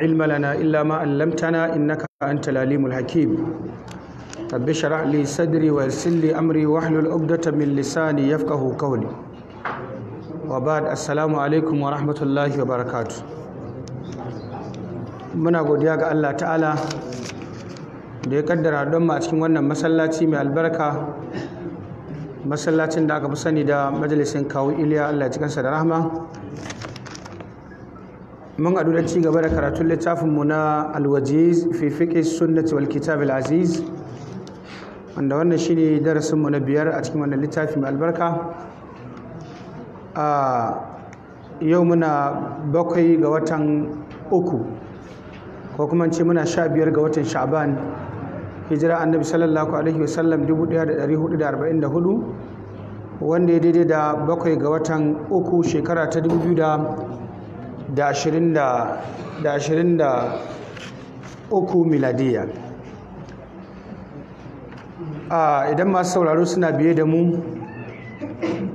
علم لنا إلا ما علمتنا إنك أنت العليم الحكيم رب اشرح لي صدري ويسر لي أمري واحلل عقدة من لساني يفقه قولي وبعد السلام عليكم ورحمة الله وبركاته muna godiya ga Allah ta'ala da ya kaddara don mu a cikin wannan masallaci mai albarka masallacin da aka fi sani da majalisin kawo iliya Allah ya sa da rahma mun haɗu da cigaba da karatun littafinmu na alwajiz fi fiƙi sunnati wal kitab aziz wanda wannan shine darasinmu na biyar a cikin wannan littafi mai albarka a yau muna bakwai ga watan uku ko kuma ce muna sha biyar ga watan sha'ban hijira annabi sallallahu alaihi wasallam 1444 wanda ya daidai da bakwai ga watan uku shekara ta 2000 da ashirin da miladiya idan masu sauraro suna biye da mu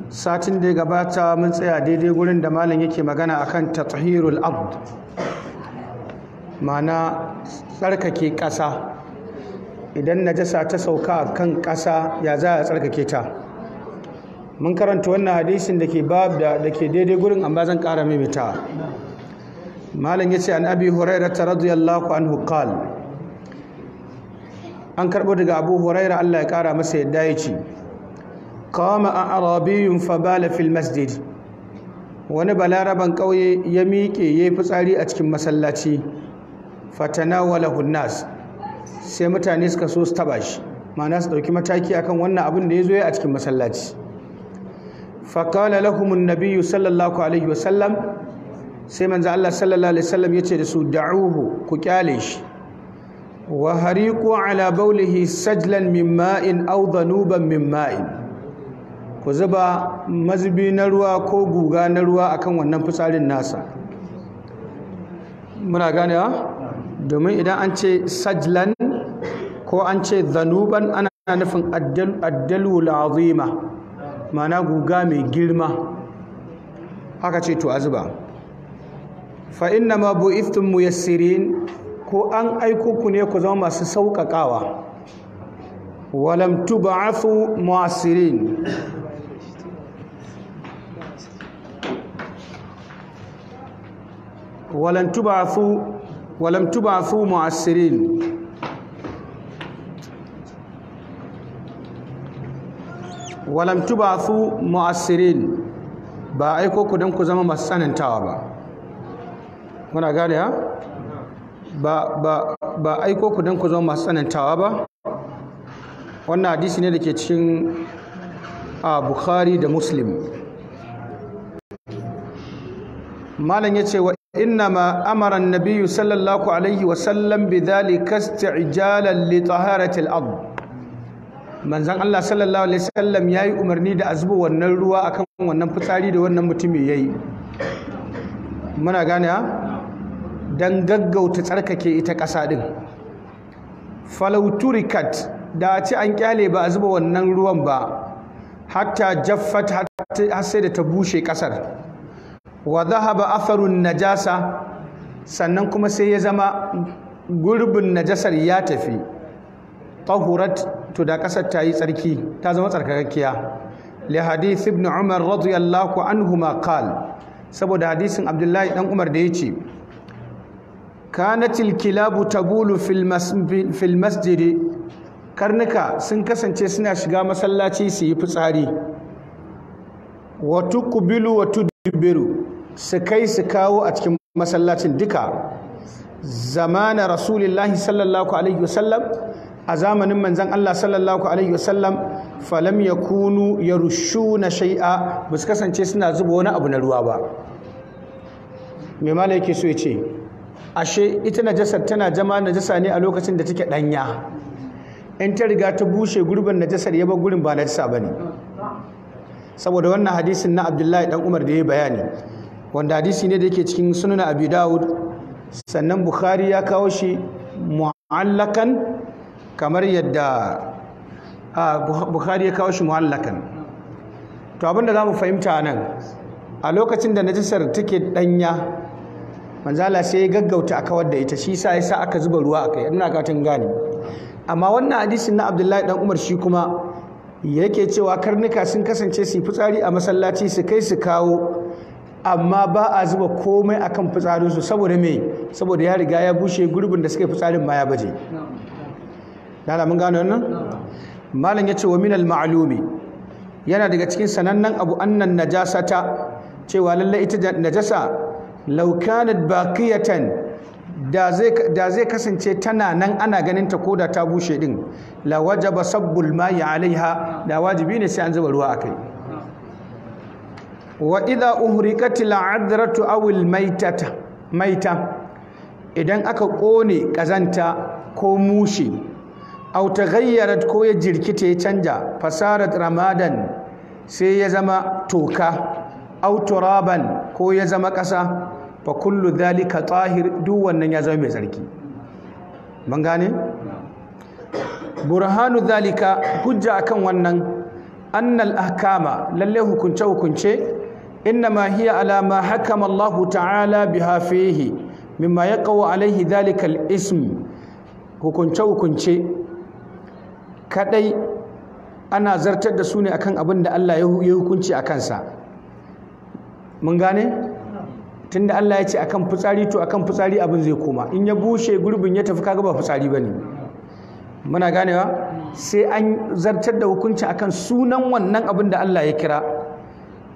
satin da ya gabata mun tsaya daidai gurin da malam yake magana akan tathirul abd mana tsarkake ƙasa idan najasa ta sauka kan ƙasa ya za a tsarkake ta mun karanta wannan hadisin da ke bab da da ke daidai gurin amma zan ƙara maimaita malam yace an abi ta radiyallahu anhu qala an karbo daga abu huraira allah ya ƙara masa yadda ya ce kama an arabiyun fabala fil masjid wani balaraban ƙauye ya miƙe ya yi fitsari a cikin masallaci fatana wala hunnas sai mutane suka so su taɓa shi ma'ana su ɗauki mataki akan wannan abin da ya zo ya a cikin masallaci faƙala lahumun nabiyu sallallahu alaihi wasallam sai manzo Allah sallallahu alaihi wasallam yace da su da'uhu ku kyale shi wa hariqu ala baulihi sajlan min ma'in aw dhanuban min ma'in ku zuba mazubi na ruwa ko guga na ruwa akan wannan fitsarin nasa muna ganewa domin idan an ce sajlan ko an ce dhanuban ana nufin addalul azima mana guga mai girma aka ce to a zuba fa inna ma bu'ithtum muyassirin ko an aiko ku ne ku zama masu sauƙaƙawa walam tub'athu mu'assirin walam tub'athu walam tub'athu mu'assirin Walamtu ba su mu'assirin ba aiko ku don ku zama masu tsanantawa ba kuna gane ha ba ba aiko ku don ku zama masu tsanantawa ba wannan hadisi ne da ke cikin a bukhari da muslim malam ya ce wa inna ma amara nabiyu sallallahu alaihi wasallam bi dhalika isti'jalan li taharatil ard manzon Allah sallallahu alaihi wasallam yayi umarni da zuba wannan ruwa akan wannan fitsari da wannan mutumin yayi muna gane dan gaggauta tsarkake ita ƙasa ɗin. falauturikat da ci an kyale ba a zuba wannan ruwan ba hatta jaffat har sai da ta bushe ƙasar wa zahaba atharun najasa sannan kuma sai ya zama gurbin najasar ya tafi tahurat to da ƙasar ta yi tsarki ta zama tsarkakakkiya li hadith ibn umar radiyallahu anhu qal saboda hadisin abdullahi dan umar da yace kanatil kilabu tabulu fil masjidi karnuka sun kasance suna shiga masallaci su yi fitsari watu kubilu watu tudbiru su kai su kawo a cikin masallacin duka zamana rasulillahi sallallahu alaihi wasallam a zamanin manzan Allah sallallahu alaihi wasallam falam yakunu na shai'a ba su kasance suna zuba wani abu na ruwa ba Mai Malam yake so ya ce ashe ita najasar tana jama najasa ne a lokacin da take ɗanya. in ta riga ta bushe gurbin najasar ya bar gurin ba najasa ne. saboda wannan hadisin na Abdullahi dan Umar da ya bayani wanda hadisi ne da yake cikin sunan Abi Dawud sannan Bukhari ya kawo shi mu'allakan kamar yadda bukhari ya kawo shi muhallakan to abinda za mu fahimta nan a lokacin da najisar take danya manzala sai ya gaggauta a kawar da ita shi sa ya sa aka zuba ruwa a kai ina katin gane amma wannan hadisin na abdullahi dan umar shi kuma yake cewa karnuka sun kasance su fitsari a masallaci su kai su kawo amma ba a zuba komai akan fitsarinsu saboda me saboda ya riga ya bushe gurbin da suka fitsarin ma ya baje dala mun gano wannan malam yace wa minal ma'lumi yana daga cikin sanannen abu annan najasata cewa lalle ita najasa law kanat baqiyatan da zai kasance tana nan ana ganin ta koda ta bushe din la wajaba sabbul ma'i alaiha da wajibi ne sai an zuba ruwa akai wa idha uhriqat al'adratu aw al maita idan aka kone kazanta ko mushi. au taghayyarat ko ya jirkita ya canja fasarat ramadan sai ya zama toka au turaban ko ya zama ƙasa fa kullu dhalika tahir duk wannan ya zama mai tsarki ban gane burhanu dhalika hujja akan wannan annal ahkama lalle hukunce hukunce innama hiya ala ma hakama Allah ta'ala biha fihi mimma yaqaw alaihi dhalika al-ism hukunce hukunce kadai ana zartar da su ne akan abin da Allah ya hukunci a kansa mun gane tunda Allah ya ce akan fitsari to akan fitsari abin zai koma in ya bushe gurbin ya tafi kaga ba fitsari bane muna ganewa sai an zartar da hukunci akan sunan wannan abin da Allah ya kira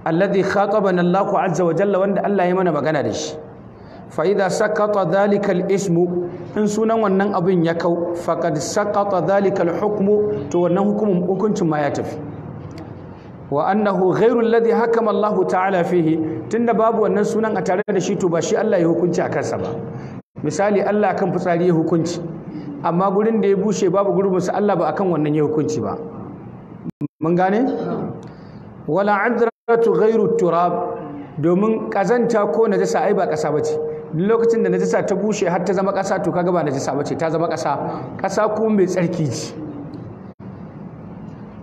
alladhi khatabana Allahu azza wa jalla wanda Allah ya mana magana da shi fa idza saqata dhalika ismu in sunan wannan abin ya kau faqad saqata dhalika hukmu to wannan hukumin hukuncin ma ya tafi wa annahu ghairu alladhi hakama Allah ta'ala fihi tunda babu wannan sunan a tare da shi to ba Allah ya hukunci a kansa ba misali Allah kan fitsari ya hukunci amma gurin da ya bushe babu gurbinsa Allah ba wannan ya hukunci ba turab domin kazanta ko najasa ai ba kasa bace lokacin da najasa ta bushe har ta zama ƙasa to kaga ba najasa bace ta zama ƙasa ƙasa kuma mai tsarki ce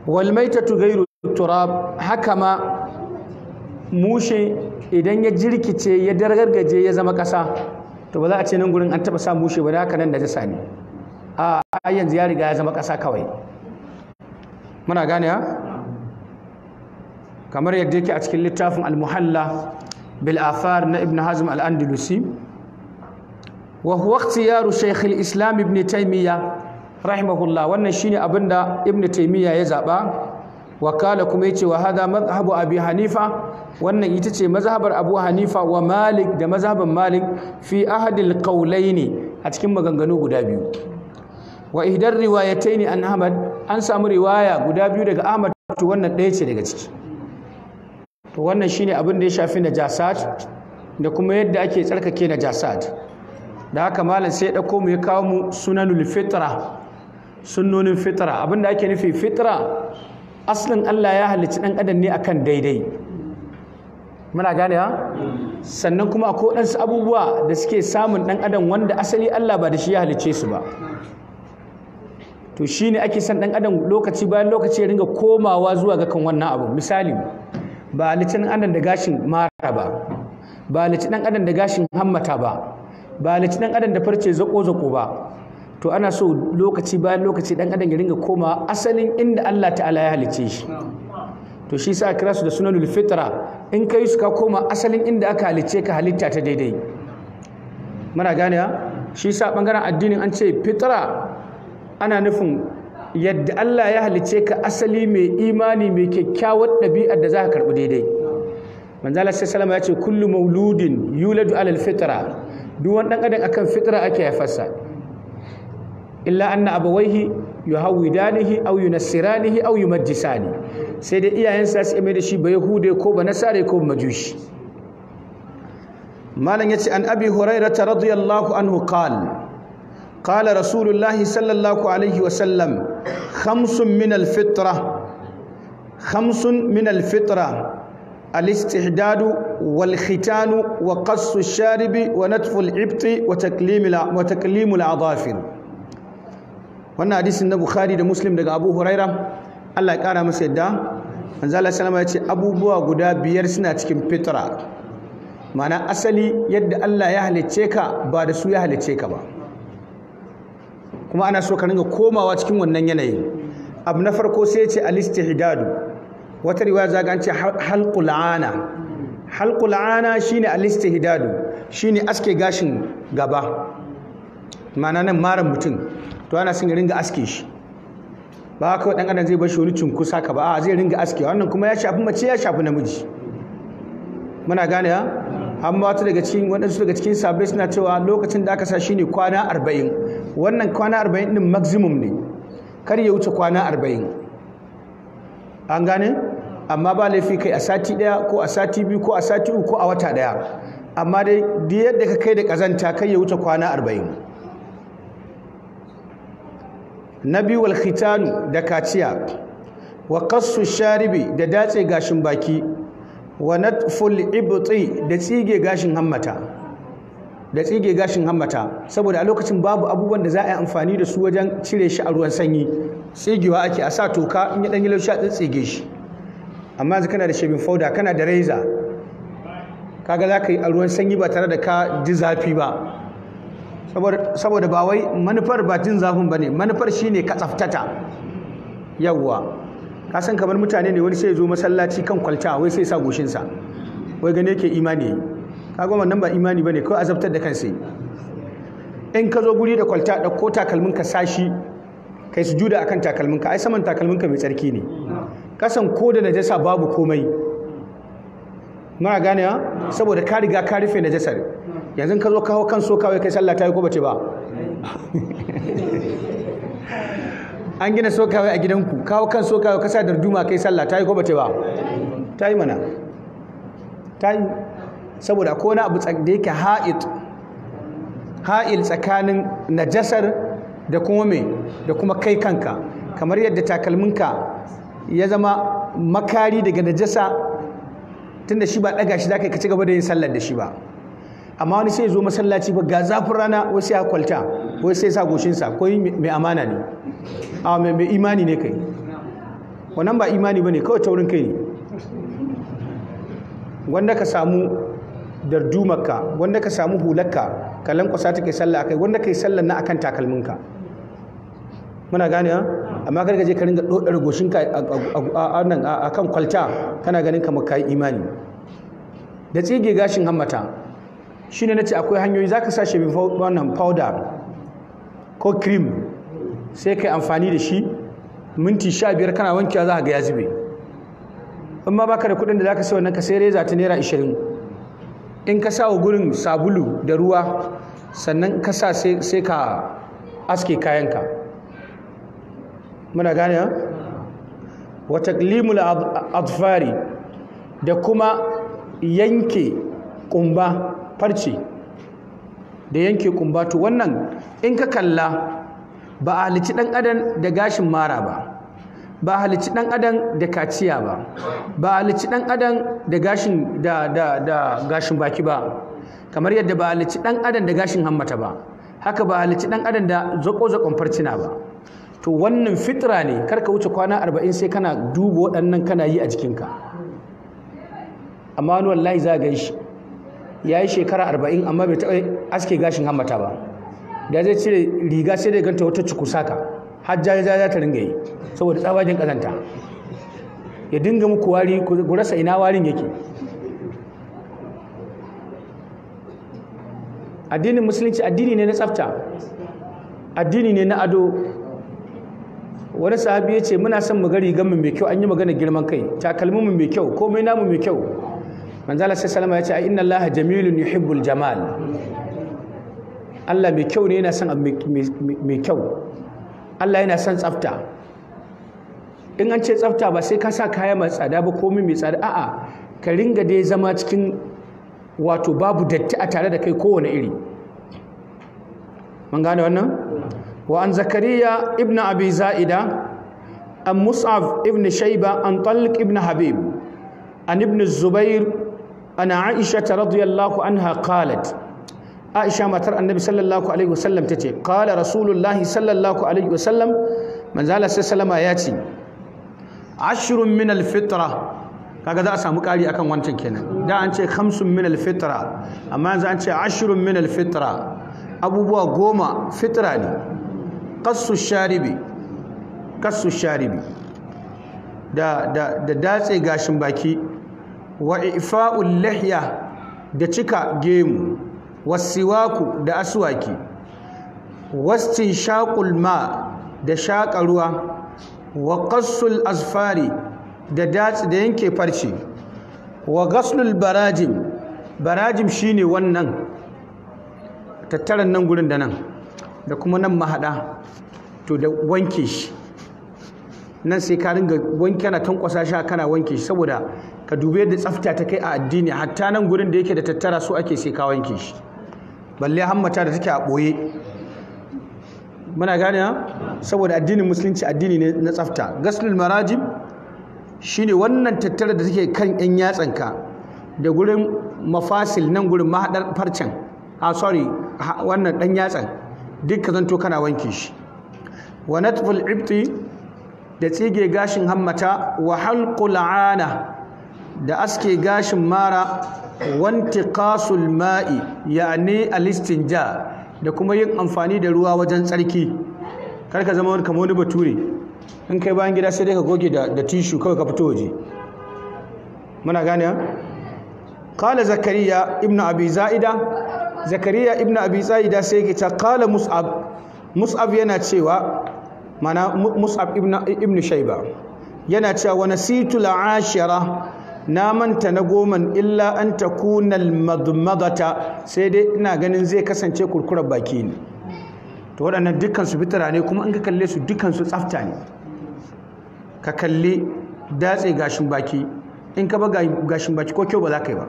wal maitatu ghayru turab haka ma mushe idan ya jirkice ya dargargaje ya zama ƙasa to ba za a ce nan gurin an taɓa sa mushe ba da haka nan najasa ne a yanzu ya riga ya zama ƙasa kawai muna gane ha kamar yadda yake a cikin littafin al-muhalla bil afar na ibn hazm al andalusi wa huwa ikhtiyaru shaykh islam ibn taimiyya rahimahullah wannan shine da ibn taimiyya ya zaba wakala kuma yace wa hada mazhabu abi hanifa wannan ita ce mazhabar abu hanifa wa malik da mazhaban malik fi ahadil ne a cikin maganganu guda biyu wa riwayatai ne an ahmad an samu riwaya guda biyu daga ahmad to wannan ɗaya ce daga ciki to wannan shine abin da ya shafi najasat da kuma yadda ake tsarkake najasat da haka malam sai ya dauko mu ya kawo mu sunanul fitra sunnonin fitra abin da ake nufi fitra aslin Allah ya halicci dan adam ne akan daidai muna gane ha sannan kuma akwai wadansu abubuwa da suke samun ɗan adam wanda asali Allah ba da shi ya halicce su ba to shine ake son ɗan adam lokaci bayan lokaci ya ringa komawa zuwa ga kan wannan abu misali ba a halicci ɗan adam da gashin mara ba ba a halicci ɗan adam da gashin hammata ba ba a halicci ɗan adam da farce zako-zako ba to ana so lokaci bayan lokaci ɗan adam ya ringa koma asalin inda Allah ta'ala ya halice shi to shi sa kira su da sunanul fitra in kai su ka koma asalin inda aka halicce ka halitta ta daidai muna gane shi sa bangaren addinin an ce fitra ana nufin yadda Allah ya halice ka asali mai imani mai kyakkyawar ɗabi'ar da za ka karɓi daidai manzala sai salama ya ce kullu mauludin yuladu alal fitra duk wani ɗan adam akan fitra ake haifarsa illa anna abawaihi yuhawidanihi aw yunassiranihi aw yumajjisani sai dai iyayensa su mai da shi ba yahude ko ba nasare ko majushi malam yace an abi hurairata radiyallahu anhu qala قال رسول الله صلى الله عليه وسلم khamsun min fitra khamsun min al-fitra الاستحداد والختان وقص الشارب ونتف العبط وتكليم وتكليم الأظافر wannan hadisin na Bukhari da Muslim daga Abu Huraira Allah ya kara masa yadda manzo Allah sallama abubuwa guda biyar suna cikin fitra ma'ana asali yadda Allah ya halicce ka ba da su ya halicce ka ba kuma ana so ka ringa komawa cikin wannan yanayin abu na farko sai ce alistihdadu wata riwaya za ga an ce halqul ana halqul ana shine alistihdadu shine aske gashin gaba ma'ana nan mara mutum to ana son ya ringa aske shi ba kawai dan adam zai bar shi wani cunkusa ka ba a zai ringa aske wannan kuma ya shafi mace ya shafi namiji muna gane ha amma wata daga cikin wadansu daga cikin sabai suna cewa lokacin da aka sa shine kwana arba'in wannan kwana arba'in din maximum ne kar ya wuce kwana 40 an gane amma ba laifi kai a sati daya ko a sati biyu ko a sati uku ko a wata daya amma dai duk yadda ka kai da kazanta kai ya wuce kwana arba'in. na biyu walhitanu da kaciya wa qassu sharibi da datse gashin baki wa natful ibti da tsige gashin hammata da tsige gashin hammata saboda a lokacin babu abubuwan da za a yi amfani da su wajen cire shi a ruwan sanyi tsigewa ake a sa toka in ya ɗanyi laushi a tsige shi amma yanzu kana da shebin fauda kana da reza kaga za ka yi a ruwan sanyi ba tare da ka ji zafi ba saboda ba wai manufar ba jin zafin ba ne manufar shi ne ka tsaftata yawwa ka san kamar mutane ne wani sai ya zo masallaci kan kwalta wai sai sa goshinsa wai gane ke imani kaga wannan ba imani bane kawai azabtar da kansa in ka zo guri da kwalta ko takalmin ka sashi kai juda akan takalmin ka ai saman takalmin ka mai tsarki ne kasan ko da najasa babu komai mara ganewa saboda ka riga ka rufe najasar yanzu ka zo kawo kan so kawai kai sallah ta yi ko bace ba an gina so kawai a gidanku kawo kan so kawai ka sa darduma kai sallah ta yi ko bace ba ta yi mana ta yi saboda ko na abu da yake ha'id ha'il tsakanin najasar da kuma me da kuma kai kanka kamar yadda takalminka ya zama makari daga najasa tunda shi ba daga shi zaka ka ci gaba da yin sallar da shi ba amma wani sai zo masallaci ba ga zafin rana wai sai ya kwalta wai sai sa goshin sa ko mai amana ne a mai imani ne kai wannan ba imani bane kawai taurin kai ne wanda ka samu dardumarka wanda ka samu hularka ka ta ke sallah akai wanda kai sallan na akan takalminka muna gane amma kar ka je ka ringa dodar goshinka a nan akan kwalta kana ganin kamar kai imani da tsige gashin hammata shine nace akwai hanyoyi zaka sa shi wannan powder ko cream sai kai amfani da shi minti sha kana wankewa za ka ga ya zube amma baka da kuɗin da zaka sai wannan ka sai reza ta naira ashirin in ka sa wa gurin sabulu da ruwa sannan ka sa sai ka aske kayanka muna gane wa taqlimul adfari da kuma yanke kumba farce da yanke kumba to wannan in ka kalla ba a lici dan adam da gashin mara ba ba halicci dan adam da kaciya ba ba halicci dan adam da gashin da da da gashin baki ba kamar yadda ba halicci dan adam da gashin hammata ba haka ba halicci dan adam da zako zakon farcina ba to wannan fitra ne kar ka wuce kwana 40 sai kana duba waɗannan kana yi a jikinka amma wani wallahi za ga shi ya yi shekara 40 amma bai taɓa aske gashin hammata ba da zai cire riga sai dai ganta wata cukusaka har ya za ta ringa yi saboda tsabagen kazanta ya dinga muku wari ku rasa ina warin yake addinin musulunci addini ne na tsafta addini ne na ado wani sahabi ya ce muna son mu ga mai kyau an yi magana girman kai mu mai kyau komai namu mai kyau manzala sai salama ya ce a inna allaha jamilun yuhibbul jamal allah mai kyau ne yana son mai kyau Allah yana son tsafta in an ce tsafta ba sai ka sa kaya mai tsada ba komai mai tsada a'a ka ringa dai zama cikin wato babu datti a tare da kai kowane iri mun gane wannan wa an zakariya ibn abi za'ida an mus'ab ibn shayba an talq ibn habib an ibn zubair an aisha radiyallahu anha qalat aisha matar annabi sallallahu alaihi wasallam ta ce kala rasulullahi sallallahu alaihi wasallam manzala sai salama ya ce ashirin min alfitra kaga za a samu ƙari akan wancan kenan da an ce hamsin min alfitra amma yanzu an ce ashirin min alfitra abubuwa goma fitra ne kassu sharibi kassu sharibi da datse gashin baki wa ifa'ul lihya da cika gemu wasiwaku da aswaki wastin shaƙul ma da shaƙa ruwa wa ƙassul azfari da datsi da yanke farce wa gaslul barajim barajim shine wannan tattaran nan gurin da nan da kuma nan mahaɗa to da wanke shi nan sai ka ringa wanke kana tankwasa shi kana wanke shi saboda ka dube da tsafta ta kai a addini hatta nan gurin da yake da tattara so ake sai ka wanke shi balle hammata da take a ɓoye muna gane saboda addinin musulunci addini ne na tsafta gaslul shi shine wannan tattara da take kan yan yatsanka da gurin mafasil nan gurin mahadar farcen ah sorry wannan ɗan yatsan duk ka zanto kana wanke shi wa natful ibti da tsige gashin hammata wa halqul ana da aske gashin mara wanti kasul ma'i listin ja. da kuma yin amfani da ruwa wajen tsarki kar ka zama wani wani bature in kai bayan gida sai dai ka goge da tishu kawai ka fito waje muna gane ya Kala zakariya Ibn abi zaida zakariya Ibn abi zaida sai ke ta kala mus'ab mus'ab yana cewa mana mus'ab Ibn ibnu shayba yana cewa wa nasitu al-ashira na manta na goman illa an ta kunal almadmadata sai dai ina ganin zai kasance kurkurar baki ne to waɗannan dukkan fitara ne kuma in ka kalle su dukkan tsafta ne ka kalli datse gashin baki in ka ba gashin baki ko kyau ba za ka yi ba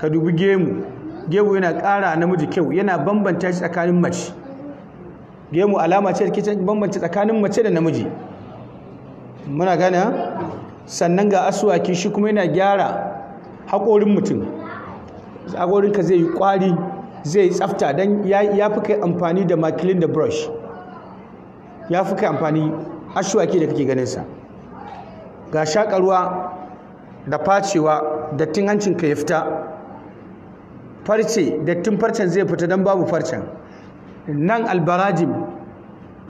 ka dubi gemu gemu yana ƙara namiji kyau yana bambanta shi tsakanin mace gemu alama ce da ke bambanta tsakanin mace da namiji muna gane sannan ga asuwaki shi kuma yana gyara haƙorin mutum ka zai yi ƙwari zai tsafta don ya fi kai amfani da makilin da brush ya fi kai amfani asuwaki da kake ganinsa ga shaƙarwa da facewa dattin hancinka ya fita farce dattin farcen zai fita don babu farcen nan albarajim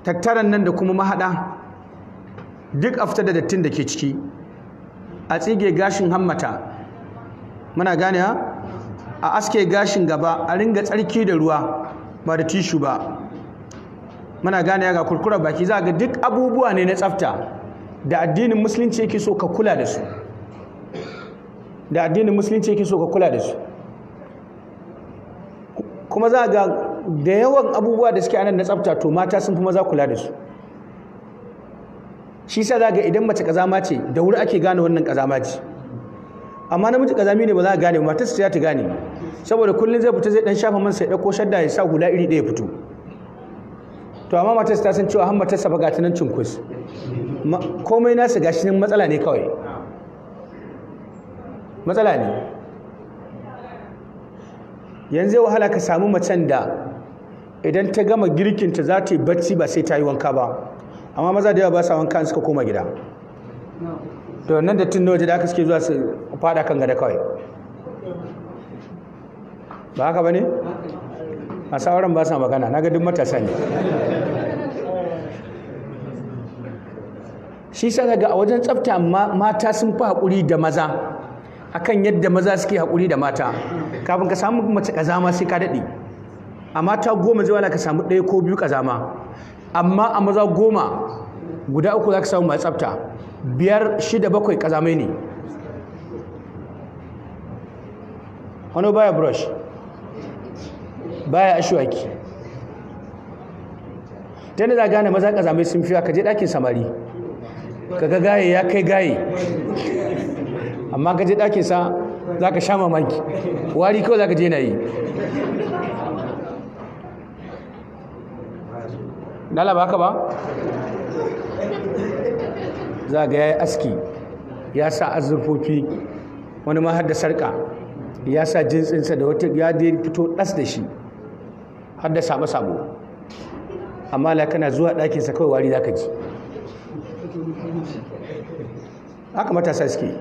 tattaran nan da kuma mahaɗa duk a fita da dattin da ke ciki a tsige gashin hammata muna gane ha a aske gashin gaba a ringa tsarki da ruwa ba da tishu ba muna gane ga kurkura baki za ga duk abubuwa ne na tsafta da addinin musulunci yake so ka kula da su da addinin musulunci yake so ka kula da su kuma za ga da yawan abubuwa da suke anan na tsafta to mata sun fi maza kula da su shi sa za ga idan mace kazama ce da wuri ake gane wannan kazama ce amma namiji kazami ne ba za a gane matarsa ta gane saboda kullum zai fita zai dan shafa man sai dauko shadda ya sa hula iri ɗaya fito to amma matarsa ta san cewa har matarsa ba ga cin cinkus komai nasa gashi nan matsala ne kawai matsala ne yanzu wahala ka samu macen da idan ta gama girkinta za ta yi bacci ba sai ta yi wanka ba amma maza da yawa ba sa wanka suka koma gida to nan da tun da waje da aka suke zuwa su fada kan gada kawai ba haka ba ne a sauran ba sa magana na gadin matasa ne shi sa daga a wajen tsafta mata sun fi haƙuri da maza akan yadda maza suke haƙuri da mata kafin ka samu mace ƙazama sai ka daɗe a mata goma zuwa ka samu ɗaya ko biyu ƙazama amma a maza goma guda uku za ka samu mai tsafta biyar shida bakwai kazamai ne wani baya brush baya ashuwaki ta yadda za gane maza kazamai sun fiya ka je ɗakin samari kaga gaye ya kai gaye amma ka je sa za ka sha mamaki wari kawai za ka je na yi dala ba ka ba za ga ya yi aski ya sa azurfofi wani ma har da ya sa jinsinsa da wata ya dai fito ɗas da shi har da sabo amma la kana zuwa ɗakinsa kawai wari za ka ji haka matasa suke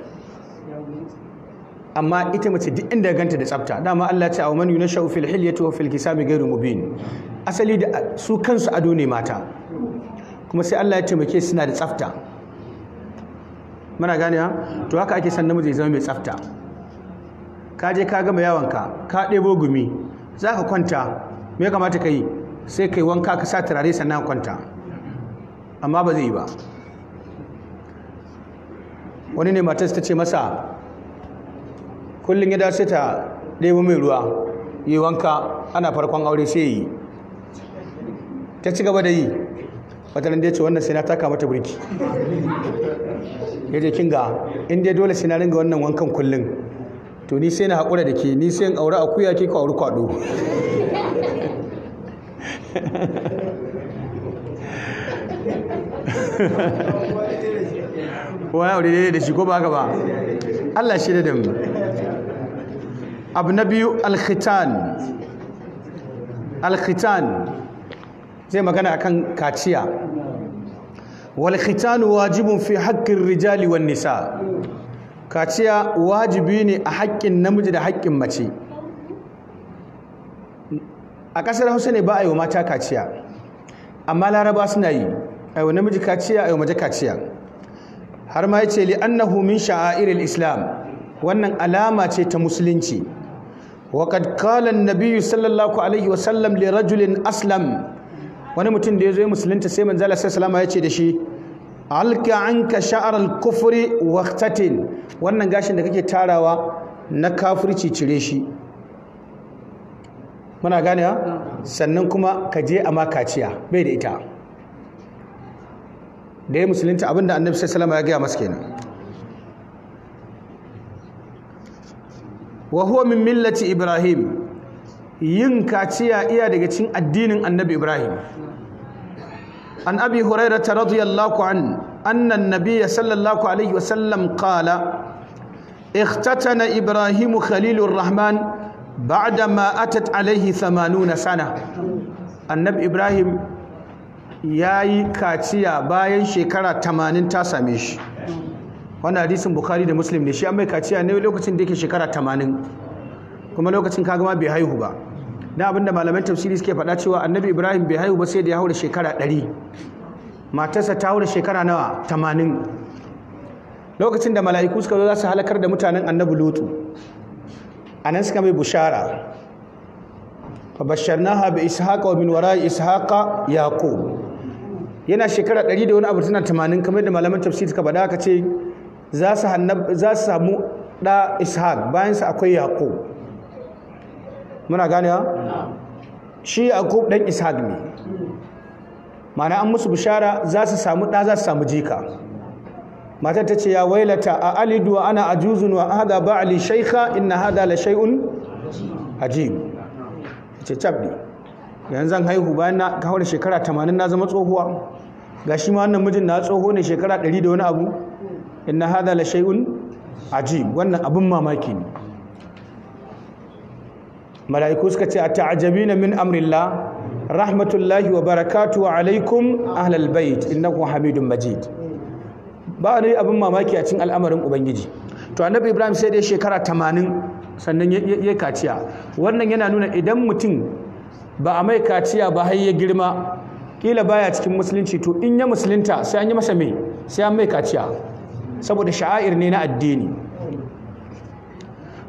amma ita mace duk inda ganta da tsafta dama Allah ce awman yunashu fil hilyati wa fil kisabi ghairu mubin asali da su kansu ado ne mata kuma sai Allah ya taimake suna da tsafta muna gane ha to haka ake san namiji zai zama mai tsafta ka je ka gama yawanka ka debo gumi za ka kwanta me ya kamata ka sai ka wanka ka sa turare sannan kwanta amma ba zai yi ba wani ne matar ta ce masa kullum ya dace ta ɗebo mai ruwa yi wanka ana farkon aure sai yi ta ci gaba da yi watanin da ya ce wannan sai na taka mata birki ya je kinga in dai dole sai na ringa wannan wankan kullum to ni sai na haƙura da ke ni sai in aure kuya ke ka kwado kwaɗo wani aure da shi ko ba ka ba Allah shi da mu abu na biyu alkhitan alkhitan zai magana akan kaciya walkhitan wajibin wajibun fi haƙƙin rijali wan nisa kaciya wajibi ne a haƙƙin namiji da haƙƙin mace a ƙasar hausa ne ba a yi wa mata kaciya amma laraba suna yi a yi wa namiji kaciya a yi wa mace kaciya har ma ya ce li'annahu min sha'airil islam wannan alama ce ta musulunci وقد قال النبي صلى الله عليه وسلم لرجل أسلم wani mutum da ya zo ya musulunta sai manzo Allah sallallahu ya ce da shi alka anka sha'ar al-kufri wannan gashin da kake tarawa na kafirci cire shi muna gane sannan kuma ka je a makaciya bai da ita da ya gaya masa kenan Wahomin huwa ibrahim yin kaciya iya daga cikin addinin annabi ibrahim an abi huraira ta radiyallahu an annan nabiyya sallallahu alaihi wa sallam qala ikhtatana ibrahim khalilur rahman ba'da ma atat alaihi 80 sana annabi ibrahim yayi kaciya bayan shekara tamanin ta same shi Wani hadisin bukhari da muslim ne shi an mai kaciya ne lokacin da yake shekara tamanin kuma lokacin ka gama bai haihu ba na abinda malamai tafsiri suke faɗa cewa annabi ibrahim bai haihu ba sai da ya haura shekara ɗari matarsa ta haura shekara nawa tamanin lokacin da mala'iku suka zo za su halakar da mutanen annabi lutu a nan suka mai bushara fabasharnaha bi ishaqa wa min wara'i ishaqa yaqub yana shekara 100 da wani abu tana tamanin kamar da malaman tafsir suka bada aka ce za su samu ɗa ishaq bayansa akwai yaƙo muna ganewa shi yaƙub ɗan ishaq ne mana an musu bishara za su samu ɗa za su samu jika matar ta ce ya wailata a alidu wa ana ajuzun wa hada ali shaikha ina hada la shay'un ajib ce cabdi yanzu haihu bayan na kawo da shekara 80 na zama tsohuwa ga shi ma wannan mijin na tsoho ne shekara 100 da wani abu inna hada la shay'un ajib wannan abin mamaki ne mala'iku suka ce ata'ajabina min amrillah rahmatullahi wa barakatuhu alaikum ahlal bait innahu hamidun majid ba ne abin mamaki a cikin al'amarin ubangiji to annabi ibrahim sai dai shekara 80 sannan ya kaciya wannan yana nuna idan mutum ba a mai kaciya ba har ya girma kila baya cikin musulunci to in ya musulunta sai an yi masa mai sai an mai kaciya saboda sha'air ne na addini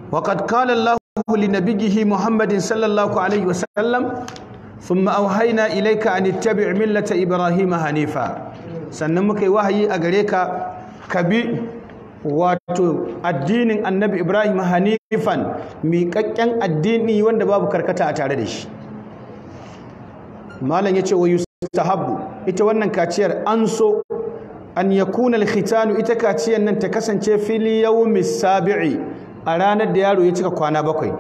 وقد قال الله لنبيه محمد صلى الله عليه وسلم ثم أوحينا إليك أن اتبع ملة Ibrahim Hanifa. sannan muka yi wahayi a gare ka ka bi wato addinin annabi ibrahim hanifan miƙaƙƙen addini wanda babu karkata a tare da shi malam ya ce wa yustahabu ita wannan kaciyar an so an yakuna alkhitanu ita kaciyan nan ta kasance fili yaumi sabi'i a ranar da yaro ya cika kwana bakwai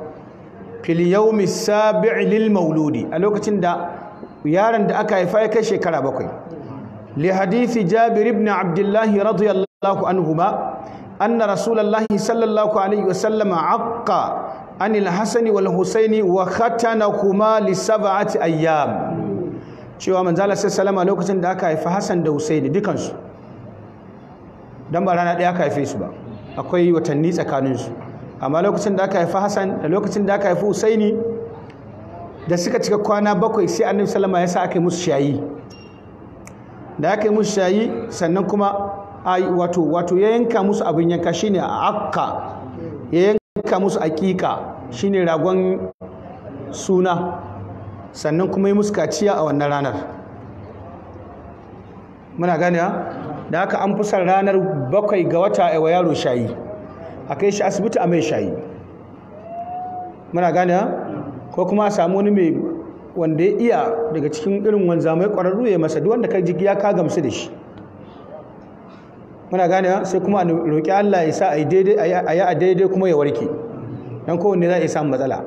fili yaumi sabi'i lil mauludi a lokacin da yaron da aka haifa ya kai shekara bakwai li hadisi jabir ibn abdullah radiyallahu anhuma anna rasulullahi sallallahu alaihi wasallam aqqa anil hasani wal husaini wa khatanahuma li sab'ati ayyam cewa manzala sallallahu alaihi wasallam lokacin da aka haifa hasan da husaini dukansu don ba rana ɗaya ka haife su ba akwai watanni tsakaninsu amma lokacin da aka haifi hassan da lokacin da aka haifi husaini da suka cika kwana bakwai sai annabi salama ya sa aka yi musu shayi da aka yi musu shayi sannan kuma wato wato ya yanka musu abin yanka shine akka ya yanka musu aƙiƙa shine ragon suna sannan kuma yi musu kaciya a wannan ranar muna gane ha da haka an fi ranar bakwai ga wata a wa yaro shayi a kai shi asibiti a mai shayi muna gane ko kuma a samu wani mai wanda ya iya daga cikin irin wanzamai ƙwararru ya masa duk wanda ka ya ka gamsu da shi muna gane sai kuma a roƙi Allah ya sa a yi a daidai kuma ya warke don kowanne za a yi samun matsala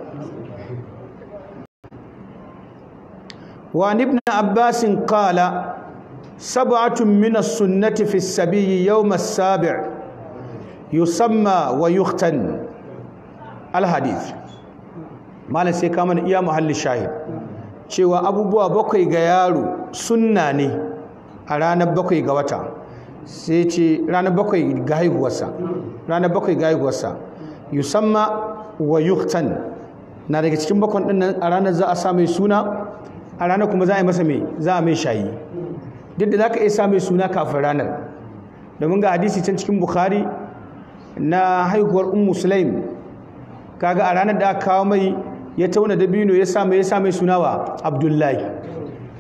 wa ibn abbasin kala sab'atun min as-sunnati fi as-sabiy yawm as-sabi' yusamma wa yukhtan al-hadith malam sai ka mana iya muhalli shahid cewa abubuwa bakwai ga yaro sunna ne a ranar bakwai ga wata sai ce ranar bakwai ga haihuwarsa ranar bakwai ga haihuwarsa yusamma wa yukhtan na daga cikin bakon din nan a ranar za a sa mai suna a ranar kuma za a yi masa mai za a mai shayi duk da za ka iya mai suna kafin ranar domin ga hadisi can cikin bukhari na haihuwar ummu sulaim kaga a ranar da aka kawo mai ya tauna dabino ya sa ya mai suna wa abdullahi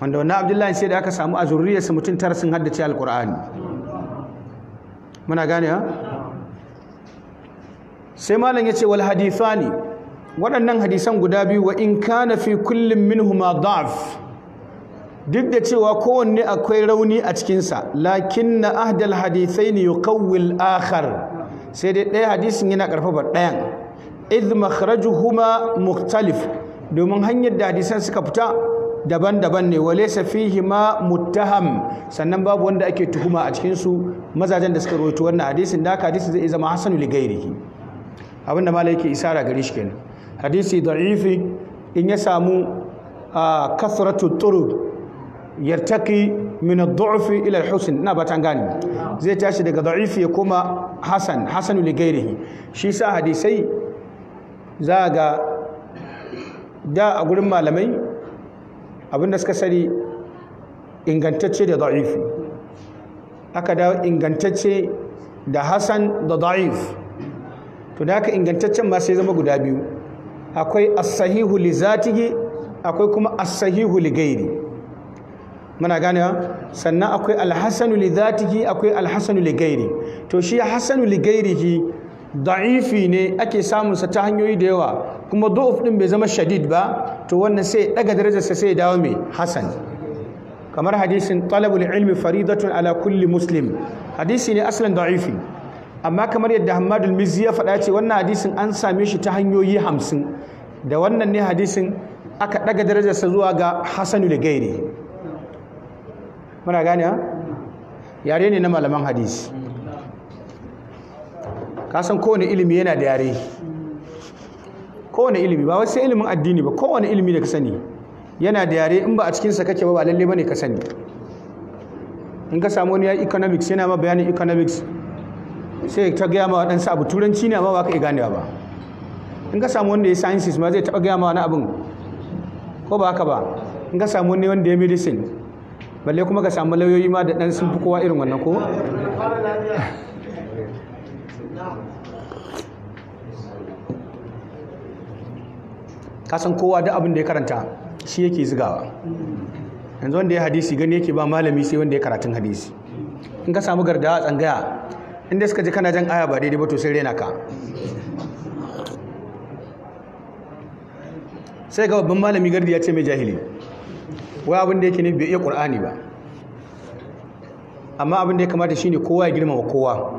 wanda wannan abdullahi sai da aka samu a zurriyarsa mutum tara sun haddace alkur'ani muna gane ha sai malam ya ce wal ne. waɗannan hadisan guda biyu wa in kana fi kullum huma da'af duk da cewa kowanne akwai rauni a cikinsa lakin na ahdal hadisai ne yukawil akhar sai dai ɗaya hadisin yana ƙarfafa ɗayan idh huma muktalif domin hanyar da hadisan suka fita daban-daban ne walaysa fihi ma muttaham sannan babu wanda ake tuhuma a cikinsu. mazajen da suka rawaito wannan hadisin da hadisin zai zama hasanu li ghairihi abinda malai yake isara gari shi kenan hadisi da'ifi in ya samu ah, kasratu turub yartaki min ad-du'f ila al-husn na ba tan zai tashi daga da'if ya koma hasan hasanu li ghairihi shi sa hadisai za ga da a gurin malamai abinda suka sani ingantacce da da'ifi aka dawo ingantacce da hasan da da'if to da aka ingantaccen ma sai zama guda biyu akwai as-sahihu li zatihi akwai kuma as-sahihu li ghairihi muna ganewa sannan akwai alhassanu li akwai alhassanu li gairi to shi hassanu li da'ifi ne ake samunsa ta hanyoyi da yawa kuma do'uf din bai zama shadid ba to wannan sai daga darajarsa sai dawo mai Hassan. kamar hadisin talabul ilmi faridatun ala kulli muslim hadisi ne asalin da'ifi amma kamar yadda hamadul mizzi ya faɗa ce wannan hadisin an same shi ta hanyoyi hamsin da wannan ne hadisin aka daga darajarsa zuwa ga hassanu da gairi muna gane yare ne na malaman hadisi kasan kowane ilimi yana da yare kowane ilimi ba wasu sai ilimin addini ba kowane ilimi da ka sani yana da yare in ba a cikinsa kake ba ba lalle bane ka sani in ka samu wani ya economics yana ma bayanin economics sai ta gaya ma waɗansa abu turanci ne amma ba ka iya ganewa ba in ka samu wanda ya sciences ma zai taɓa gaya ma wani abin ko ba haka ba in ka samu wani wanda ya medicine balle kuma ka samu lauyoyi ma da ɗan sun fi kowa irin wannan ko kasan kowa da abin da ya karanta shi yake zigawa yanzu wanda ya hadisi gani yake ba malami sai wanda ya karatun hadisi in ka samu gardawa a tsangaya inda suka ji kana jan aya ba daidai ba to sai rena ka sai ga babban malami gardi ya ce mai jahili wai abin da yake ne bai iya ƙur'ani ba amma abin da ya kamata shi ne kowa ya girmama kowa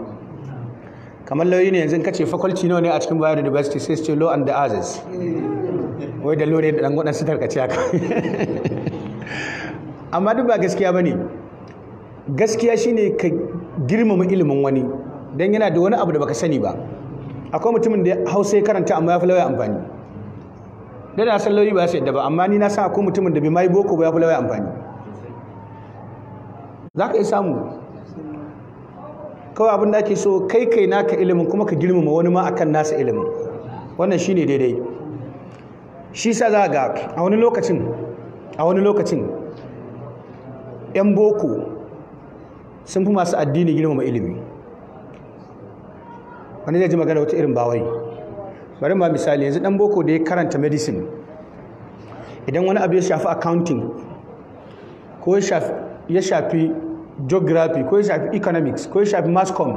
kamar lauyi ne yanzu kace fakulci nawa ne a cikin bayan University sai su ce law and the others wai da lori da dangodan su tarkace haka amma duk ba gaskiya bane gaskiya shine ka girmama ilimin wani dan yana da wani abu da baka sani ba akwai mutumin da Hausa ya karanta amma ya fi lauya amfani da na san lauyi ba sai da ba amma ni na san akwai mutumin da bai mai boko ba ya fi lauya amfani za ka yi samu kawai abin da ake so kai kai naka ilimin kuma ka girmama wani ma akan nasa ilimin wannan shine daidai shi sa za ga a wani lokacin a wani lokacin yan boko sun fi masu addini girmama ilimi wani zai ji magana wata irin bawai bari ma misali yanzu dan boko da ya karanta medicine idan wani abu ya shafi accounting ko ya shafi geography ko ya shafi economics ko ya shafi mass com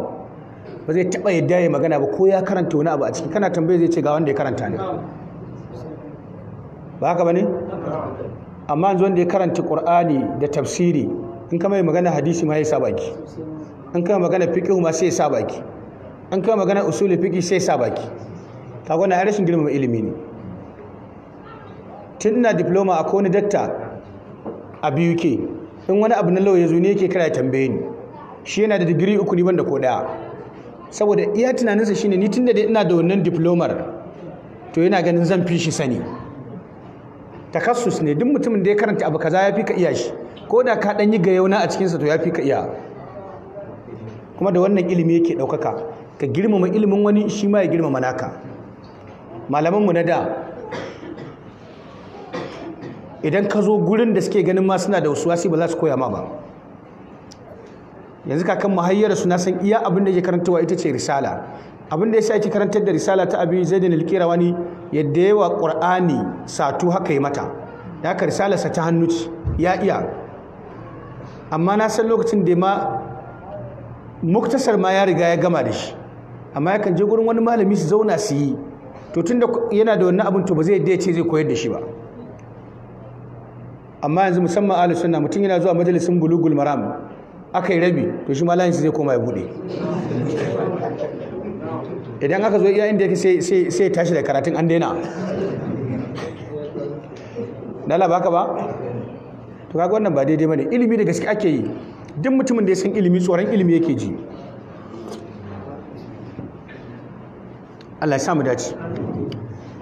ba zai taɓa yadda ya magana ba ko ya karanta wani abu a ciki kana tambaye zai ce ga wanda ya karanta ne ba haka ba ne amma yanzu wanda ya karanta qur'ani da tafsiri in kama mai magana hadisi ma ya sa baki in kama magana fiqh ma sai ya sa baki in kama magana usuli fiqh sai ya sa baki kaga na rashin girmama ilimi ne tun ina diploma a kone dakta a BUK in wani abu na lawa ya zo ne yake kira tambaye ni shi yana da digiri uku ni banda ko daya saboda iya tunaninsa shine ni tun da ina da wannan diplomar to yana ganin zan fi shi sani takassus ne duk mutumin da ya karanta abu kaza ya fi ka iya shi ko da ka ɗan yi yauna a cikinsa to ya fi ka iya kuma da wannan ilimi yake ɗaukaka ka girmama ilimin wani shi ma ya girmama naka malamanmu na da idan ka zo gurin da suke ganin ma suna da wasu wasi ba za su koya ma ba yanzu kakan mahayyar su na san iya abin da yake karantawa ita ce risala abin da sa yake karantar da risala ta abin zai da nilkira wani yadda yawa ƙur'ani satu haka yi mata ya ka risala sa ta hannu ci ya iya amma na san lokacin da ma muktasar ma ya riga ya gama da shi amma yakan je gurin wani malami su zauna su yi to tun da yana da wannan abin to ba zai da ce zai koyar da shi ba amma yanzu musamman ahlus Suna mutum yana zuwa majalisin bulugul maram aka yi rabi to shi malayin zai koma ya bude idan aka zo iya inda yake sai sai tashi da karatun an daina dala ba ka ba to kaga wannan ba daidai bane ilimi da gaske ake yi duk mutumin da ya san ilimi tsoron ilimi yake ji Allah ya samu dace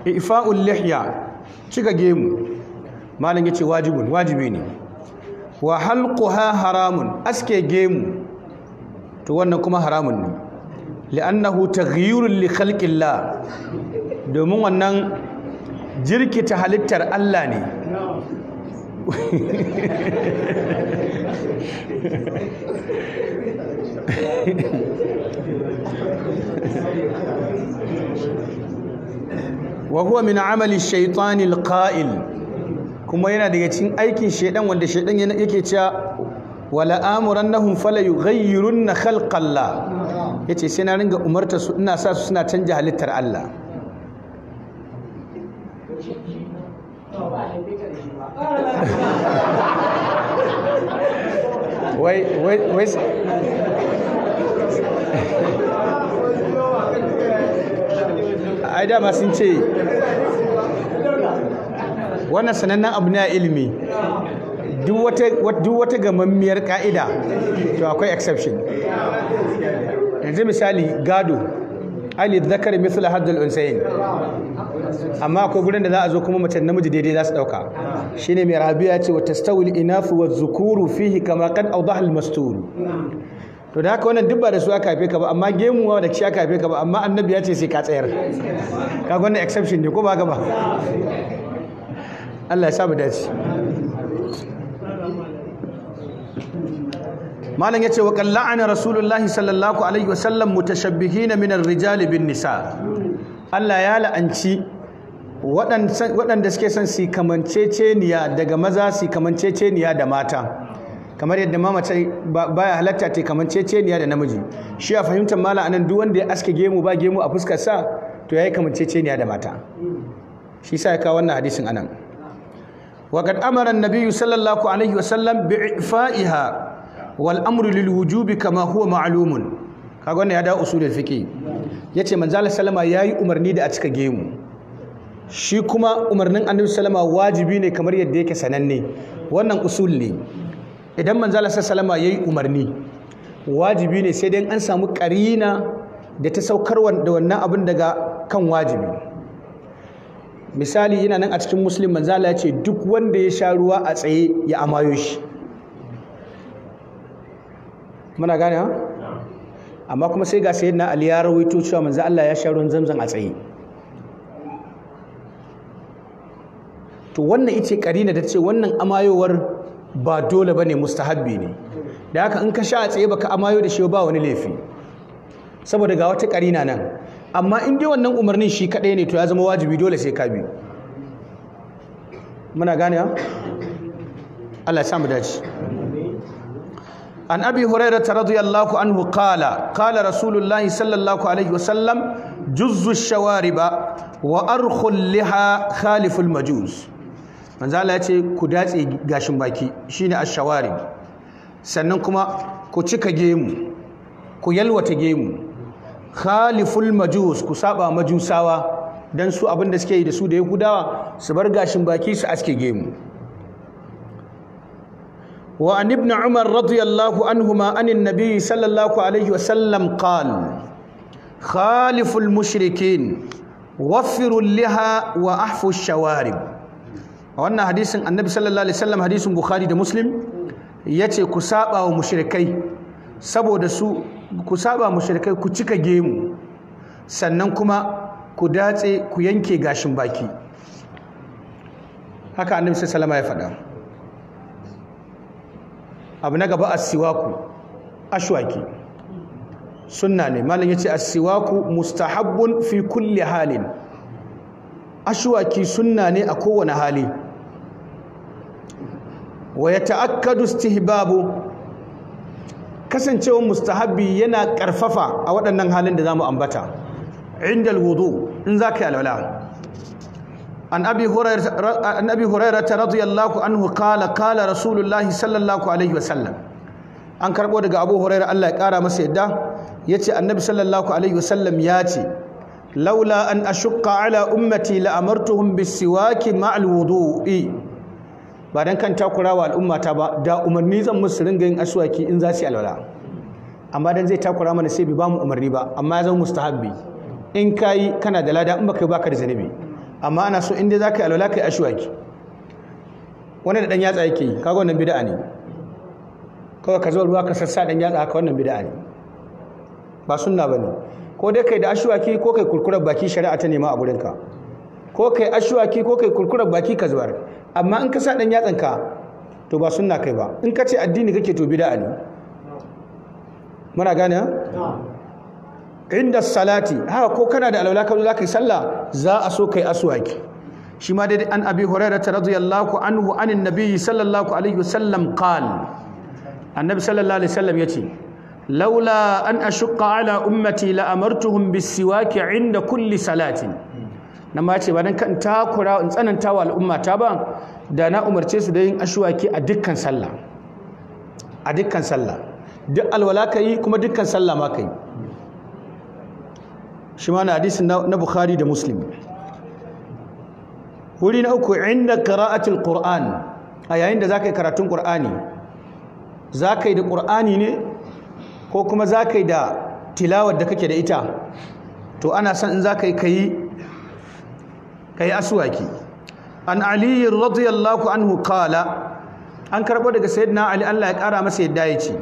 ifa'ul lihya cika gemu malam yace wajibun wajibi ne wa halquha haramun aske gemu to wannan kuma haramun ne li'annahu taghyirun li khalqillah domin wannan jirkita halittar Allah ne wa huwa min amali shaytani alqa'il kuma yana daga cikin aikin shaidan wanda shaidan yake cewa wala amurannahum fala khalqalla yace sai na ringa umarta su ina sa su suna canja halittar Allah wai wai wai ai dama sun ce wannan sanannen abu ne a ilimi duk wata gamammiyar ka'ida to akwai exception yanzu misali gado ali zakar misal haddul unsayin amma akwai gudun da za a zo kuma mace namiji daidai za su dauka shine mai rabiya ce wa tastawil inafu wa zukuru fihi kama kan awdaha masturu to da haka wannan duk da su aka ka ba amma gemuwa da shi aka ka ba amma annabi ya ce sai ka tsayar ka gwanda exception ne ko ba gaba Allah ya sabu dace malam yace wa la'ana rasulullahi sallallahu alaihi wa sallam mutashabbihina min ar-rijali bin nisa Allah ya la'anci waɗanda suke son su kamanceceniya daga maza su kamanceceniya da mata kamar yadda ba baya halatta ta kamar ceceniya da namiji shi a fahimtar mala anan duk wanda ya aske gemu ba gemu a fuskar sa to yayi kamar ceceniya da mata shi sa ya kawo wannan hadisin anan sallallahu alaihi wa sallam bi ifaiha wal amru lil wujubi kama huwa معلوم kaga wannan ya dawo usulul fiqi yace manzo sallama yayi umarni da a cika gemu shi kuma umarnin annabi sallama wajibi ne kamar yadda yake sananne wannan usul ne idan manzala sallama ya yi umarni wajibi ne sai dai an samu karina da ta saukar da wannan abin daga kan wajibi misali yana nan a cikin muslim manzala ya ce duk wanda ya sha ruwa a tsaye ya amayo shi muna gane ha amma kuma sai ga sayyidina ali ya rawaito cewa manzo Allah ya sha ruwan zamzam a tsaye to wannan ice karina ta ce wannan amayowar ba dole ba ne mustahabbi ne da haka in ka sha a tsaye baka amayo da shi ba wani laifi saboda ga wata karina nan amma in dai wannan umarnin shi kadai ne to ya zama wajibi dole sai ka bi muna gane ha Allah ya mu dace an abi hurairah radiyallahu anhu qala qala rasulullahi sallallahu alaihi wasallam juzzu shawariba wa arkhul liha khaliful majus manzo ya ce ku datse gashin baki shine ash sannan kuma ku cika gemu ku yalwata gemu khaliful majus ku saba majusawa dan su abinda suke yi da su da yahudawa su bar gashin baki su aske gemu wa an ibn umar radiyallahu anhuma anin nabi sallallahu alaihi wasallam qal khaliful mushrikin waffiru liha wa ahfu shawarib a wannan hadisin annabi sallallahu alaihi wasallam hadisin bukhari da muslim ya ce ku saba wa mushrikai saboda su ku saba mushrikai ku cika gemu sannan kuma ku datse ku yanke gashin baki haka annabi sallallahu alaihi wasallam ya faɗa abu na gaba asiwaku ashwaki sunna ne malam yace asiwaku mustahabbun fi kulli halin ashwaki sunna ne a kowane hali wa ya ta'akkadu istihbabu kasancewar mustahabbi yana karfafa a waɗannan halin da zamu ambata inda alwudu in zaka yi alwala an abi hurairah an abi hurairah radiyallahu anhu qala qala rasulullahi sallallahu alaihi wasallam an karbo daga abu hurairah Allah ya kara masa yadda yace annabi sallallahu alaihi wasallam ya ce laula an ashqa ala ummati la amartuhum bis ma al wudu'i ba don kan takura wa al'umma ta ba da umarni zan musu ringa yin aswaki in za su yi alwala amma dan zai takura mana sai bai ba mu umarni ba amma ya zama mustahabbi in ka yi kana da lada in baka yi baka da zanibi amma ana so in dai za ka yi alwala ka yi aswaki wani da ɗan yatsa yake yi kaga wannan bid'a ne kawai ka zo ruwa ka sassa ɗan yatsa haka wannan bid'a ne ba sunna ne. ko dai kai da aswaki ko kai kurkurar baki shari'a ta nema a gurinka ko kai aswaki ko kai kurkurar baki ka zubar amma in ka sa ɗan yatsanka to ba suna kai ba in ka ce addini kake to bid'a ne muna gane inda salati haka ko kana da alwala ka za ka yi sallah za a so kai aswaki shi ma dai an abi ta radiyallahu anhu anin nabiyyi sallallahu alaihi wasallam qal annabi sallallahu alaihi wasallam yace laula an ashqa ala ummati la amartuhum bis siwaki inda kulli salatin na mace ba dan kan takura in tsananta wa al'umma ta ba da na umarce su da yin ashuwaki a dukkan sallah a dukkan sallah duk alwala ka yi kuma dukkan sallah ma ka yi shi ma na hadisi na bukhari da muslim wuri na uku inda qira'atul qur'an a yayin da zaka yi karatun qur'ani Zakai yi da qur'ani ne ko kuma zakai da tilawar da kake da ita to ana san in zaka yi kai ka yi asuwaki an aliyu radiyallahu anhu kala an karɓo daga sayyidina ali allah ya ƙara masa yadda ya ce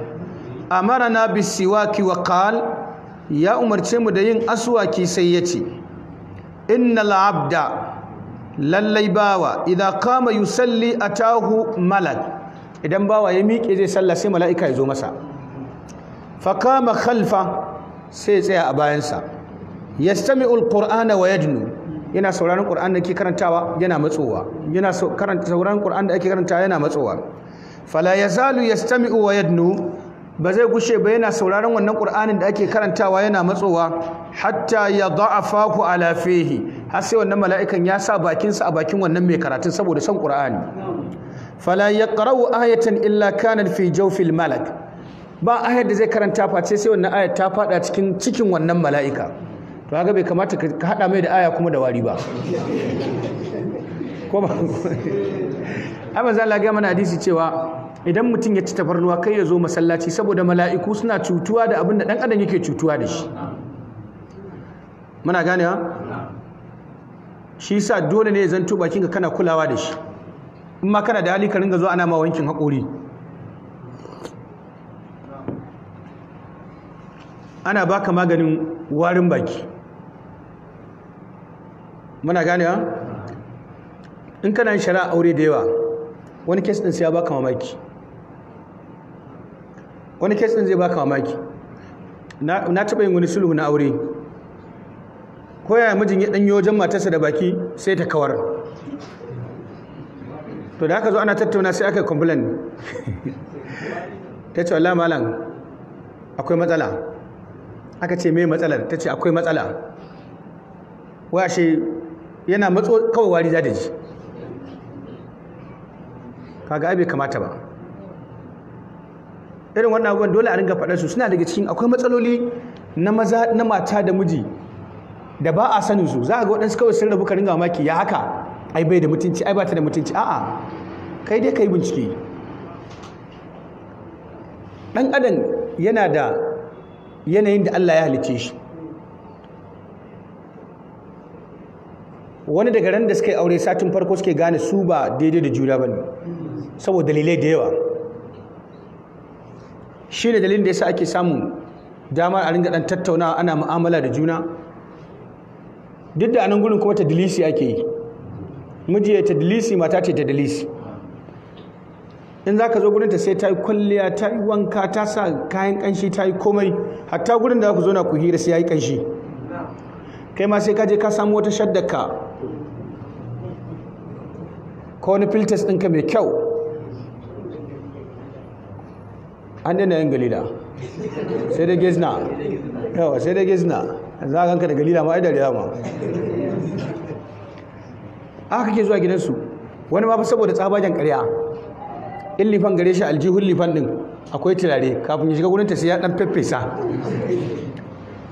na bisiwaki wa kal ya umarce mu da yin asuwaki sai ya ce innal la'abda. lallai bawa idan kama yusalli atahu malak idan bawa ya miƙe zai salla sai mala'ika ya zo masa fakama khalfa sai ya tsaya a bayansa yastami'ul qur'ana wa yadnu yana sauraron Qur'an da ke karantawa yana matsowa yana sauraron Qur'an da ake karantawa yana matsowa fala yazalu yastami'u wa yadnu ba zai gushe ba yana sauraron wannan Qur'anin da ake karantawa yana matsowa hatta ya faku ala fihi har sai wannan mala'ikan ya sa bakinsa a bakin wannan mai karatun saboda son Qur'ani fala yaqra'u ayatan illa kanat fi jawfil malak ba ayar da zai karanta face sai wannan ayar ta fada cikin cikin wannan mala'ika ba haka bai kamata ka hada mai da aya kuma da wari ba ko ba ai mana hadisi cewa idan mutum ya ci tafarnuwa kai ya zo masallaci saboda mala'iku suna cutuwa da abin da dan adam yake cutuwa da shi muna ganewa shi yasa dole ne zanto bakin ka kana kulawa da shi in ma kana da hali ringa zo ana ma wankin haƙori ana baka maganin warin baki muna ganewa in kana yin shari'a aure da yawa wani kes din sai ya baka mamaki wani kes din zai baka mamaki na taɓa yin wani sulhu na aure ko yaya mijin ya danyo wajen matarsa da baki sai ta kawar to da aka zo ana tattauna sai aka complain ta ce wallahi malam akwai matsala aka ce me matsalar ta ce akwai matsala washe yana matso kawai wari za da ji kaga abin bai kamata ba irin wannan abubuwan dole a ringa faɗar su suna daga cikin akwai matsaloli na maza na mata da miji da ba a sanin su za a ga waɗansu kawai sun rabu ka ringa mamaki ya haka ai bai da mutunci ai ba ta da mutunci a'a kai dai ka yi bincike ɗan adam yana da yanayin da Allah ya halicce shi wani daga ran da suka yi aure satin farko suke gane su ba daidai da juna ba ne, saboda dalilai da yawa shi ne dalilin da yasa ake samu damar a ringa dan tattaunawa ana mu'amala da juna duk da anan gurin kuma ta dalisi ake yi miji ya ta dalisi mata ce ta dalisi in za ka zo ta sai ta yi kwalliya ta yi wanka ta sa kayan ƙanshi ta yi komai hatta gurin da za ku zo na ku hira sai ya yi kanshi kai ma sai kaje ka samu wata shaddarka ko wani filters ɗinka mai kyau an dana yin galila sai da gizna yawa sai da gizna za a ganka da galila ma ai da riya ma aka ke zuwa gidansu wani ma fa saboda tsabagen ƙarya in lifan gare shi aljihun lifan din akwai turare kafin ya shiga gudunta sai ya dan feffesa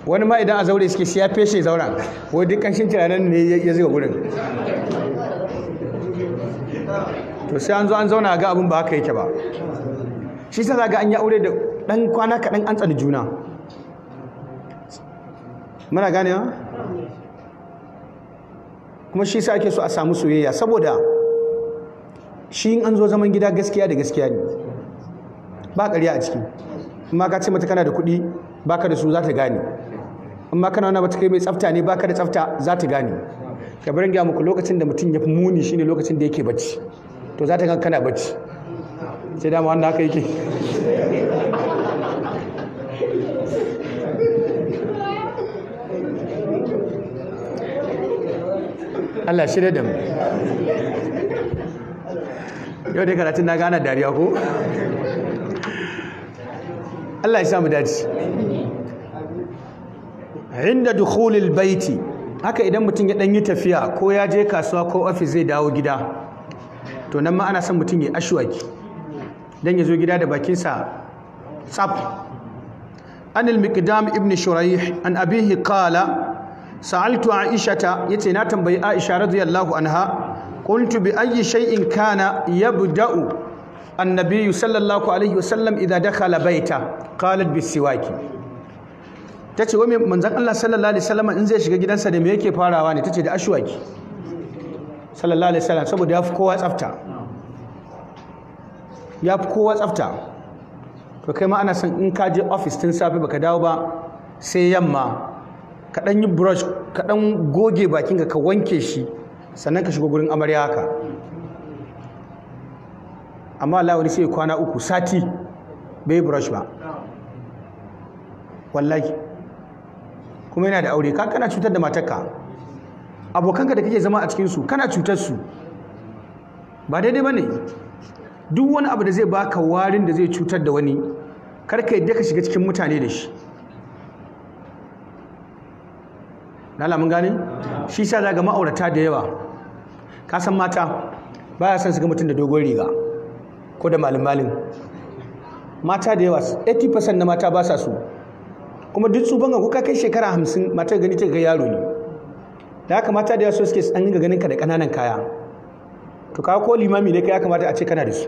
wani ma idan a zaure suke siya feshe zauren wani duk kanshin tunanin ne ya zai gurin to sai an zo an zauna ga abin ba haka yake ba shi sa ga an yi aure da dan kwana kaɗan an tsani juna muna gane ha kuma shi sa ake so a samu soyayya saboda shi in an zo zaman gida gaskiya da gaskiya ne ba ƙarya a ciki kuma ka ce mata kana da kuɗi baka da su za ta gane amma kana wani bata kai mai tsafta ne baka da tsafta za ta gane ka bari ga muku lokacin da mutum ya fi muni shine lokacin da yake bacci to za ta gan kana bacci sai dama wanda haka yake Allah shi da mu yau dai karatun na gana dariya ko Allah ya samu dace inda dukhulil baiti haka idan mutum ya dan yi tafiya ko ya je kasuwa ko ofis zai dawo gida to nan ma ana son mutum ya ashwaki dan ya zo gida da bakinsa tsaf an al-miqdam ibn shuraih an abihi qala sa'altu aishata yace na tambayi aisha radiyallahu anha qultu bi ayyi shay'in kana yabda'u النبي صلى الله عليه وسلم إذا دخل بيته قالت بالسواك ta ce wani manzan Allah sallallahu alaihi wasallam in zai shiga gidansa da me yake farawa ne ta ce da ashwaki sallallahu alaihi wasallam saboda ya fi kowa tsafta ya fi kowa tsafta to kai ma ana son in ka je ofis tun safe baka dawo ba sai yamma ka dan yi brush ka dan goge bakinka ka wanke shi sannan ka shigo gurin amarya haka amma Allah wani sai kwana uku sati bai brush ba wallahi kuma yana da aure ka kana cutar da matarka abokanka da kake zama a cikin su kana cutar su ba daidai bane duk wani abu da zai baka warin da zai cutar da wani kar ka yadda ka shiga cikin mutane da shi na gani gane shi sa za ga ma'aurata da yawa ka san mata ya son su ga mutum da dogon riga ko da malin malin mata da yawa 80% na mata ba sa so kuma duk tsuban ka kuka kai shekara hamsin mata gani ta ga yaro ne da haka mata da yaso suke an ga ganin ka da ƙananan kaya to ka ko limami ne ka ya kamata a ce kana da su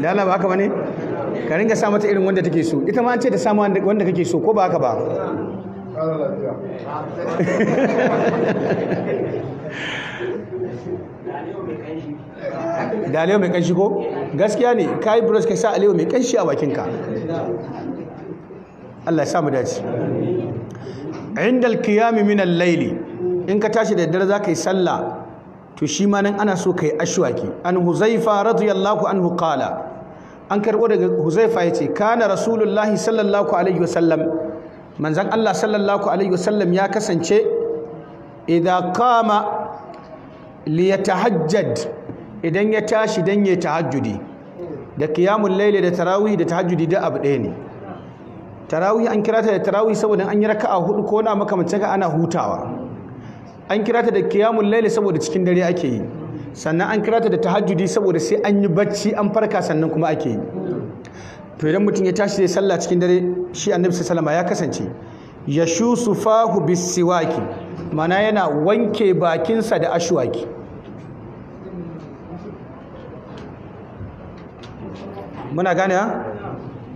lalaba ba haka bane ka ringa sa mata irin wanda take so ita ma an ce ta samu wanda kake so ko ba haka ba da alewa mai kanshi ko gaskiya ne ka yi brush ka sa alewa mai kanshi a bakinka Allah ya samu mu dace indal qiyami min al in ka tashi da daddare za ka yi sallah to shi ma nan ana so ka yi ashwaki an huzaifa radiyallahu anhu qala an karbo daga huzaifa yace kana rasulullahi sallallahu alaihi wasallam manzan Allah sallallahu alaihi wasallam ya kasance idza qama liyatahajjad Tahajjad idan ya tashi dan ya tahajjudi da qiyamul layli da tarawih da tahajjudi da abu ɗaya ne tarawih an kira ta da tarawih saboda an yi raka'a hudu ko na makamancin ana hutawa an kira ta da qiyamul layli saboda cikin dare ake yi sannan an kira ta da tahajjudi saboda sai an yi bacci an farka sannan kuma ake yi to idan mutum ya tashi zai sallah cikin dare shi annabi sallama ya kasance yashusufahu sufahu bis siwaki mana yana wanke bakinsa da ashwaki muna gane ha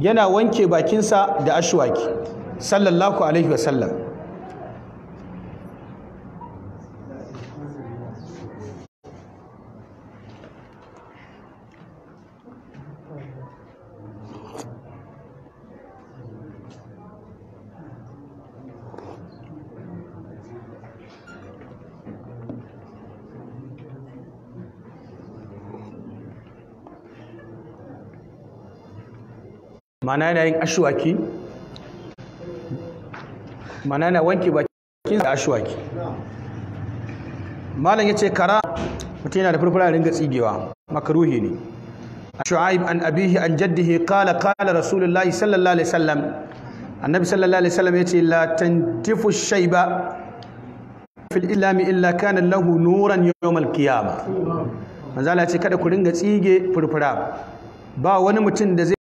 yana wanke bakinsa da ashwaki sallallahu alaihi wasallam Ma'ana yana yin ashwaki Ma'ana yana wanke bakin da ashwaki malam ya ce kara mutum yana da furfura ringa tsigewa makaruhi ne shu'aib an abihi an jaddihi qala qala rasulullahi sallallahu alaihi wasallam annabi sallallahu alaihi wasallam yace la tantifu shayba fil islami illa kana lahu nuran yawm al qiyamah manzo Allah kada ku ringa tsige furfura ba wani mutum da zai